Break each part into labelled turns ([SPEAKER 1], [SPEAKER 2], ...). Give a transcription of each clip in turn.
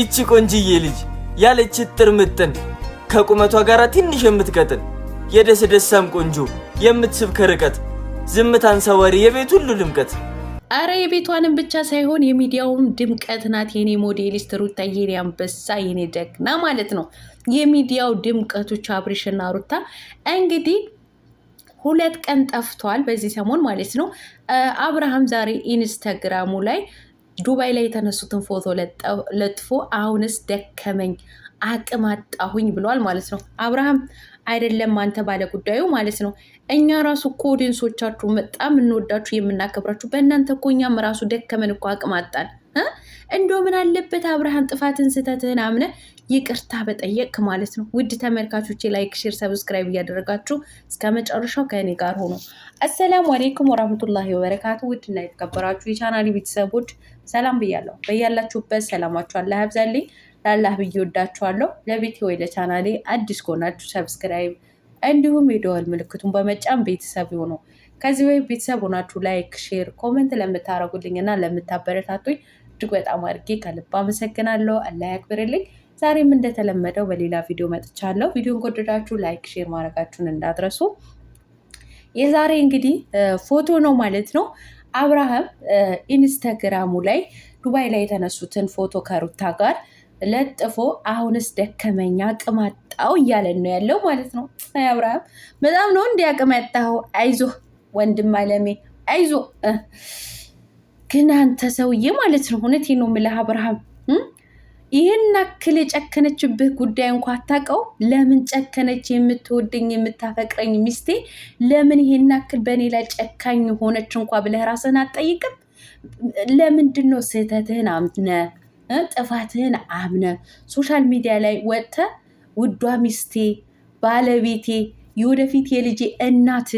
[SPEAKER 1] እቺ ቆንጅዬ ልጅ ያለች እጥር ምጥን ከቁመቷ ጋር ትንሽ የምትቀጥን የደስ ደሳም ቆንጆ የምትስብ ከርቀት ዝምታን ሰዋሪ የቤት ሁሉ ድምቀት
[SPEAKER 2] አረ የቤቷንም ብቻ ሳይሆን የሚዲያውም ድምቀት ናት። የኔ ሞዴሊስት ሩታ የኔ አንበሳ የኔ ደግና ማለት ነው። የሚዲያው ድምቀቶች አብርሽና ሩታ እንግዲህ ሁለት ቀን ጠፍቷል፣ በዚህ ሰሞን ማለት ነው። አብርሃም ዛሬ ኢንስታግራሙ ላይ ዱባይ ላይ የተነሱትን ፎቶ ለጥፎ አሁንስ ደከመኝ አቅም አጣሁኝ ብሏል ማለት ነው። አብርሃም አይደለም አንተ ባለ ጉዳዩ ማለት ነው። እኛ ራሱ እኮ ኦዲየንሶቻችሁ በጣም እንወዳችሁ የምናከብራችሁ፣ በእናንተ እኮ እኛም ራሱ ደከመን እኮ አቅም አጣን። እንዶ ምን አለበት አብርሃም ጥፋትን ስህተትህን አምነ ይቅርታ በጠየቅ ማለት ነው። ውድ ተመልካቾች ላይክ፣ ሼር፣ ሰብስክራይብ እያደረጋችሁ እስከ መጨረሻው ከእኔ ጋር ሆኖ አሰላሙ አሌይኩም ወራህመቱላሂ ወበረካቱ። እና የተከበራችሁ የቻናሌ ቤተሰቦች ሰላም ብያለሁ። በያላችሁበት ሰላማችሁ አላህ ያብዛልኝ። ላላህ ብዬ ወዳችኋለሁ። ለቤቴ ወይ ለቻናሌ አዲስ ከሆናችሁ ሰብስክራይብ እንዲሁም የደወል ምልክቱን በመጫን ቤተሰብ ሆኖ ከዚህ ወይ ቤተሰብ ሆናችሁ ላይክ፣ ሼር፣ ኮመንት ለምታደርጉልኝ እና ለምታበረታቱኝ እጅግ በጣም አድርጌ ከልብ አመሰግናለሁ። አላህ ያክብርልኝ። ዛሬም እንደተለመደው በሌላ ቪዲዮ መጥቻለሁ። ቪዲዮን ከወደዳችሁ ላይክ፣ ሼር ማድረጋችሁን እንዳትረሱ። የዛሬ እንግዲህ ፎቶ ነው ማለት ነው። አብርሃም ኢንስተግራሙ ላይ ዱባይ ላይ የተነሱትን ፎቶ ከሩታ ጋር ለጥፎ አሁንስ ደከመኛ አቅም አጣው እያለን ነው ያለው ማለት ነው። አብርሃም በጣም ነው እንዲ አቅም ያጣኸው። አይዞ ወንድም አለሜ አይዞ። ግን አንተ ሰውዬ ማለት ነው እውነቴን ነው የምልህ አብርሃም ይህን አክል የጨከነችብህ ጉዳይ እንኳ አታውቀው። ለምን ጨከነች? የምትወደኝ የምታፈቅረኝ ሚስቴ ለምን ይህን አክል በእኔ ላይ ጨካኝ ሆነች እንኳ ብለህ ራስህን አትጠይቅም? ለምንድን ነው ስህተትህን አምነ ጥፋትህን አምነ ሶሻል ሚዲያ ላይ ወጥተ ውዷ ሚስቴ፣ ባለቤቴ፣ የወደፊት የልጄ እናት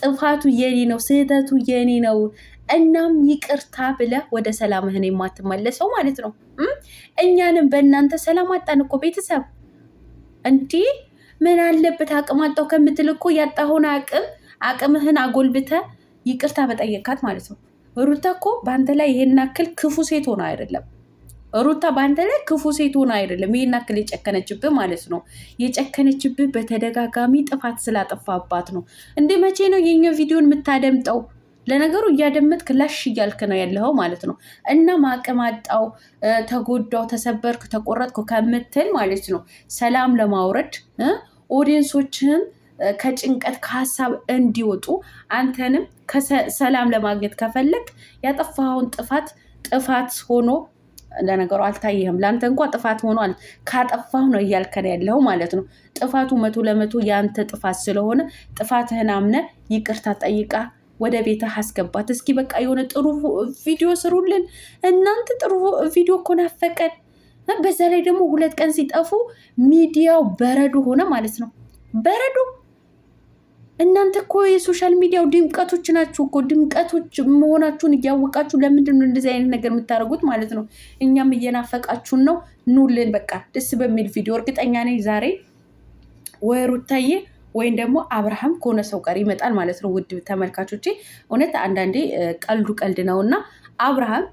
[SPEAKER 2] ጥፋቱ የኔ ነው፣ ስህተቱ የኔ ነው እናም ይቅርታ ብለህ ወደ ሰላምህን የማትመለሰው ማለት ነው። እኛንም በእናንተ ሰላም አጣን እኮ ቤተሰብ። እንዲህ ምን አለበት አቅም አጣሁ ከምትል እኮ ያጣሁን አቅም አቅምህን አጎልብተ ይቅርታ በጠየካት ማለት ነው። ሩታ እኮ በአንተ ላይ ይሄን አክል ክፉ ሴት ሆነ አይደለም። ሩታ በአንተ ላይ ክፉ ሴት ሆነ አይደለም። ይሄን አክል የጨከነችብህ ማለት ነው። የጨከነችብህ በተደጋጋሚ ጥፋት ስላጠፋባት ነው። እንደ መቼ ነው የኛ ቪዲዮን የምታደምጠው? ለነገሩ እያደመጥክ ላሽ እያልክ ነው ያለኸው ማለት ነው። እና ማቅም አጣው፣ ተጎዳው፣ ተሰበርክ፣ ተቆረጥኩ ከምትል ማለት ነው ሰላም ለማውረድ ኦዲየንሶችህን ከጭንቀት ከሀሳብ እንዲወጡ አንተንም ሰላም ለማግኘት ከፈለግ ያጠፋኸውን ጥፋት ጥፋት ሆኖ ለነገሩ አልታየህም። ለአንተ እንኳ ጥፋት ሆኗል። ካጠፋሁ ነው እያልከን ያለው ማለት ነው። ጥፋቱ መቶ ለመቶ የአንተ ጥፋት ስለሆነ ጥፋትህን አምነ ይቅርታ ጠይቃ ወደ ቤትህ አስገባት። እስኪ በቃ የሆነ ጥሩ ቪዲዮ ስሩልን እናንተ። ጥሩ ቪዲዮ እኮ ናፈቀን። በዛ ላይ ደግሞ ሁለት ቀን ሲጠፉ ሚዲያው በረዶ ሆነ ማለት ነው። በረዶ እናንተ እኮ የሶሻል ሚዲያው ድምቀቶች ናችሁ እኮ ድምቀቶች መሆናችሁን እያወቃችሁ ለምንድን ነው እንደዚህ አይነት ነገር የምታደርጉት ማለት ነው? እኛም እየናፈቃችሁን ነው። ኑልን በቃ ደስ በሚል ቪዲዮ እርግጠኛ ነኝ ዛሬ ወይ ሩታዬ ወይም ደግሞ አብርሃም ከሆነ ሰው ጋር ይመጣል ማለት ነው። ውድ ተመልካቾቼ እውነት አንዳንዴ ቀልዱ ቀልድ ነው እና አብርሃም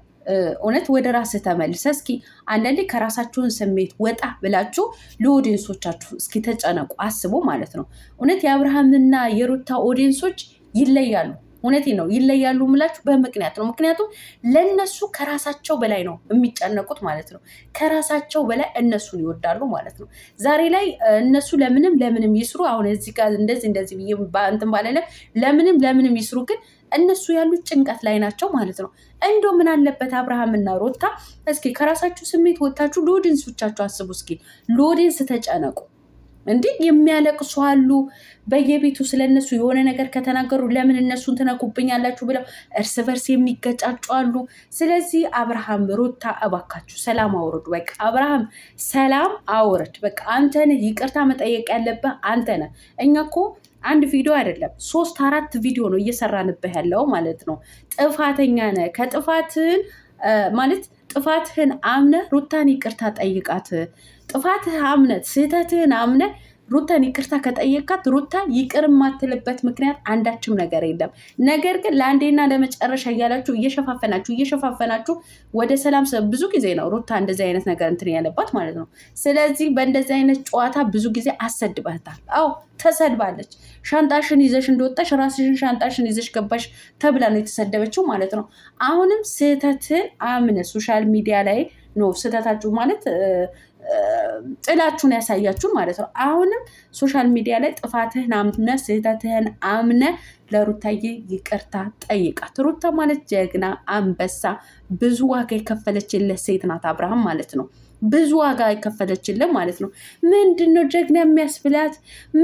[SPEAKER 2] እውነት ወደ ራስህ ተመልሰ እስኪ አንዳንዴ ከራሳችሁን ስሜት ወጣ ብላችሁ ለኦዲየንሶቻችሁ እስኪ ተጨነቁ፣ አስቦ ማለት ነው። እውነት የአብርሃምና የሩታ ኦዲየንሶች ይለያሉ። እውነቴ ነው። ይለያሉ ምላችሁ በምክንያት ነው። ምክንያቱም ለእነሱ ከራሳቸው በላይ ነው የሚጨነቁት ማለት ነው። ከራሳቸው በላይ እነሱን ይወዳሉ ማለት ነው። ዛሬ ላይ እነሱ ለምንም ለምንም ይስሩ፣ አሁን እዚህ ጋር እንደዚህ እንደዚህ ብዬ እንትን ለምንም ለምንም ይስሩ ግን እነሱ ያሉት ጭንቀት ላይ ናቸው ማለት ነው። እንዶ ምን አለበት አብርሃምና ሮታ እስኪ ከራሳችሁ ስሜት ወጥታችሁ ለኦዲየንሶቻችሁ አስቡ። እስኪ ለኦዲየንስ ተጨነቁ። እንዴ የሚያለቅሱ አሉ በየቤቱ ስለነሱ የሆነ ነገር ከተናገሩ ለምን እነሱን ትነኩብኛላችሁ ብለው እርስ በርስ የሚገጫጩ አሉ። ስለዚህ አብርሃም ሩታ እባካችሁ ሰላም አውርዱ። በቃ አብርሃም ሰላም አውርድ። በቃ አንተ ይቅርታ መጠየቅ ያለብህ አንተ ነ እኛ እኮ አንድ ቪዲዮ አይደለም ሶስት አራት ቪዲዮ ነው እየሰራንብህ ያለው ማለት ነው። ጥፋተኛ ነህ ከጥፋትን ማለት ጥፋትህን አምነህ ሩታን ይቅርታ ጠይቃት። ጥፋትህ አምነህ ስህተትህን አምነህ ሩታን ይቅርታ ከጠየካት ሩታ ይቅር የማትልበት ምክንያት አንዳችም ነገር የለም። ነገር ግን ለአንዴና ለመጨረሻ እያላችሁ እየሸፋፈናችሁ እየሸፋፈናችሁ ወደ ሰላም ብዙ ጊዜ ነው ሩታ እንደዚህ አይነት ነገር እንትን ያለባት ማለት ነው። ስለዚህ በእንደዚህ አይነት ጨዋታ ብዙ ጊዜ አሰድባታል። አዎ ተሰድባለች። ሻንጣሽን ይዘሽ እንደወጣሽ ራስሽን ሻንጣሽን ይዘሽ ገባሽ ተብላ ነው የተሰደበችው ማለት ነው። አሁንም ስህተትን አምነ ሶሻል ሚዲያ ላይ ነው ስህተታችሁ ማለት ጥላችሁን ያሳያችሁ ማለት ነው። አሁንም ሶሻል ሚዲያ ላይ ጥፋትህን አምነ ስህተትህን አምነ ለሩታዬ ይቅርታ ጠይቃት። ሩታ ማለት ጀግና፣ አንበሳ ብዙ ዋጋ የከፈለችለት ሴት ናት። አብርሃም ማለት ነው ብዙ ዋጋ የከፈለችልን ማለት ነው። ምንድን ነው ጀግና የሚያስብላት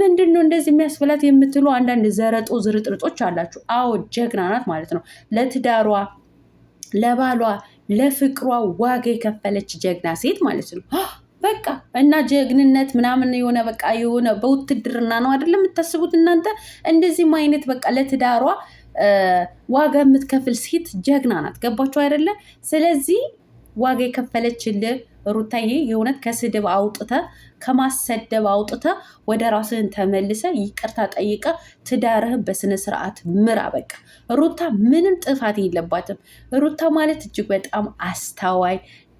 [SPEAKER 2] ምንድን ነው እንደዚህ የሚያስብላት የምትሉ አንዳንድ ዘረጦ ዝርጥርጦች አላችሁ። አዎ ጀግና ናት ማለት ነው። ለትዳሯ፣ ለባሏ፣ ለፍቅሯ ዋጋ የከፈለች ጀግና ሴት ማለት ነው። በቃ እና ጀግንነት ምናምን የሆነ በቃ የሆነ በውትድርና ነው አይደለም የምታስቡት እናንተ። እንደዚህም አይነት በቃ ለትዳሯ ዋጋ የምትከፍል ሴት ጀግና ናት። ገባችሁ አይደለ? ስለዚህ ዋጋ የከፈለችልህ ሩታዬ የእውነት ከስድብ አውጥተ ከማሰደብ አውጥተ ወደ ራስህን ተመልሰ ይቅርታ ጠይቀ ትዳርህን በስነ ስርዓት ምራ። በቃ ሩታ ምንም ጥፋት የለባትም። ሩታ ማለት እጅግ በጣም አስታዋይ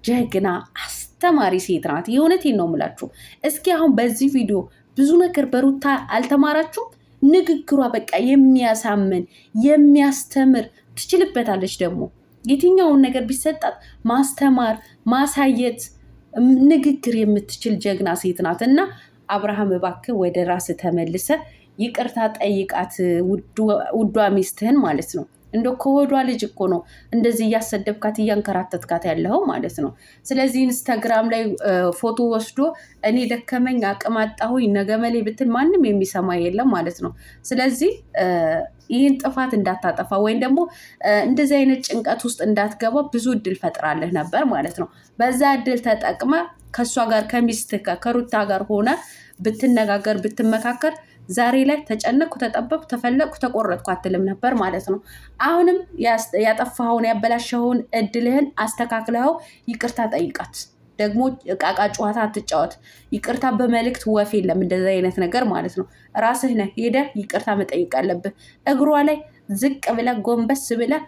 [SPEAKER 2] ጀግና አስ አስተማሪ ሴት ናት። የእውነቴን ነው የምላችሁ። እስኪ አሁን በዚህ ቪዲዮ ብዙ ነገር በሩታ አልተማራችሁም? ንግግሯ በቃ የሚያሳምን የሚያስተምር ትችልበታለች። ደግሞ የትኛውን ነገር ቢሰጣት ማስተማር፣ ማሳየት፣ ንግግር የምትችል ጀግና ሴት ናት እና አብርሃም እባክህ ወደ ራስ ተመልሰ ይቅርታ ጠይቃት ውዷ ሚስትህን ማለት ነው። እንደ ከወዷ ልጅ እኮ ነው እንደዚህ እያሰደብካት እያንከራተትካት ያለው ማለት ነው። ስለዚህ ኢንስታግራም ላይ ፎቶ ወስዶ እኔ ደከመኝ አቅም አጣሁኝ ነገመሌ ብትል ማንም የሚሰማ የለም ማለት ነው። ስለዚህ ይህን ጥፋት እንዳታጠፋ ወይም ደግሞ እንደዚህ አይነት ጭንቀት ውስጥ እንዳትገባ ብዙ እድል ፈጥራለህ ነበር ማለት ነው። በዛ እድል ተጠቅመ ከእሷ ጋር ከሚስትህ ከሩታ ጋር ሆነ ብትነጋገር ብትመካከር ዛሬ ላይ ተጨነቅኩ፣ ተጠበብኩ፣ ተፈለቅኩ፣ ተቆረጥኩ አትልም ነበር ማለት ነው። አሁንም ያጠፋኸውን ያበላሸኸውን እድልህን አስተካክለው ይቅርታ ጠይቃት። ደግሞ ቃቃ ጨዋታ አትጫወት። ይቅርታ በመልእክት ወፍ የለም እንደዚ አይነት ነገር ማለት ነው። ራስህ ነህ ሄደህ ይቅርታ መጠይቅ አለብህ። እግሯ ላይ ዝቅ ብለህ ጎንበስ ብለህ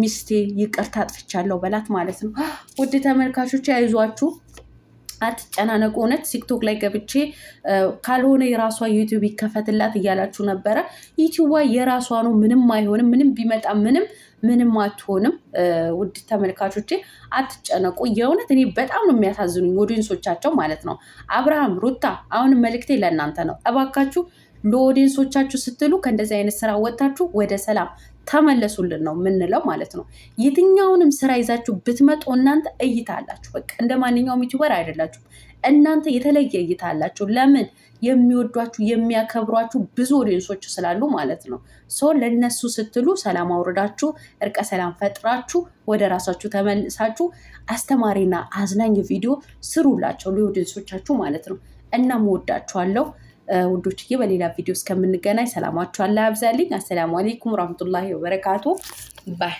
[SPEAKER 2] ሚስቴ ይቅርታ አጥፍቻለሁ በላት ማለት ነው። ውድ ተመልካቾች አይዟችሁ። አትጨናነቁ። እውነት ቲክቶክ ላይ ገብቼ ካልሆነ የራሷ ዩቲዩብ ይከፈትላት እያላችሁ ነበረ። ዩቲዩቧ የራሷ ነው። ምንም አይሆንም። ምንም ቢመጣ ምንም ምንም አትሆንም። ውድ ተመልካቾቼ አትጨነቁ። የእውነት እኔ በጣም ነው የሚያሳዝኑኝ ኦዲንሶቻቸው ማለት ነው። አብርሃም ሩታ፣ አሁንም መልእክቴ ለእናንተ ነው። እባካችሁ ለኦዲንሶቻችሁ ስትሉ ከእንደዚህ አይነት ስራ ወጥታችሁ ወደ ሰላም ተመለሱልን ነው የምንለው ማለት ነው። የትኛውንም ስራ ይዛችሁ ብትመጡ እናንተ እይታ አላችሁ። በቃ እንደ ማንኛውም ዩቲዩበር አይደላችሁ እናንተ የተለየ እይታ አላችሁ። ለምን የሚወዷችሁ የሚያከብሯችሁ ብዙ ኦዲየንሶች ስላሉ ማለት ነው። ሶ ለነሱ ስትሉ ሰላም አውርዳችሁ እርቀ ሰላም ፈጥራችሁ ወደ ራሳችሁ ተመልሳችሁ አስተማሪና አዝናኝ ቪዲዮ ስሩላቸው ለኦዲየንሶቻችሁ ማለት ነው። እናም ወዳችኋለሁ። ውዶችዬ፣ በሌላ ቪዲዮ እስከምንገናኝ ሰላማችኋን ላይ አብዛልኝ። አሰላሙ አሌይኩም ወራህመቱላሂ ወበረካቱ ባይ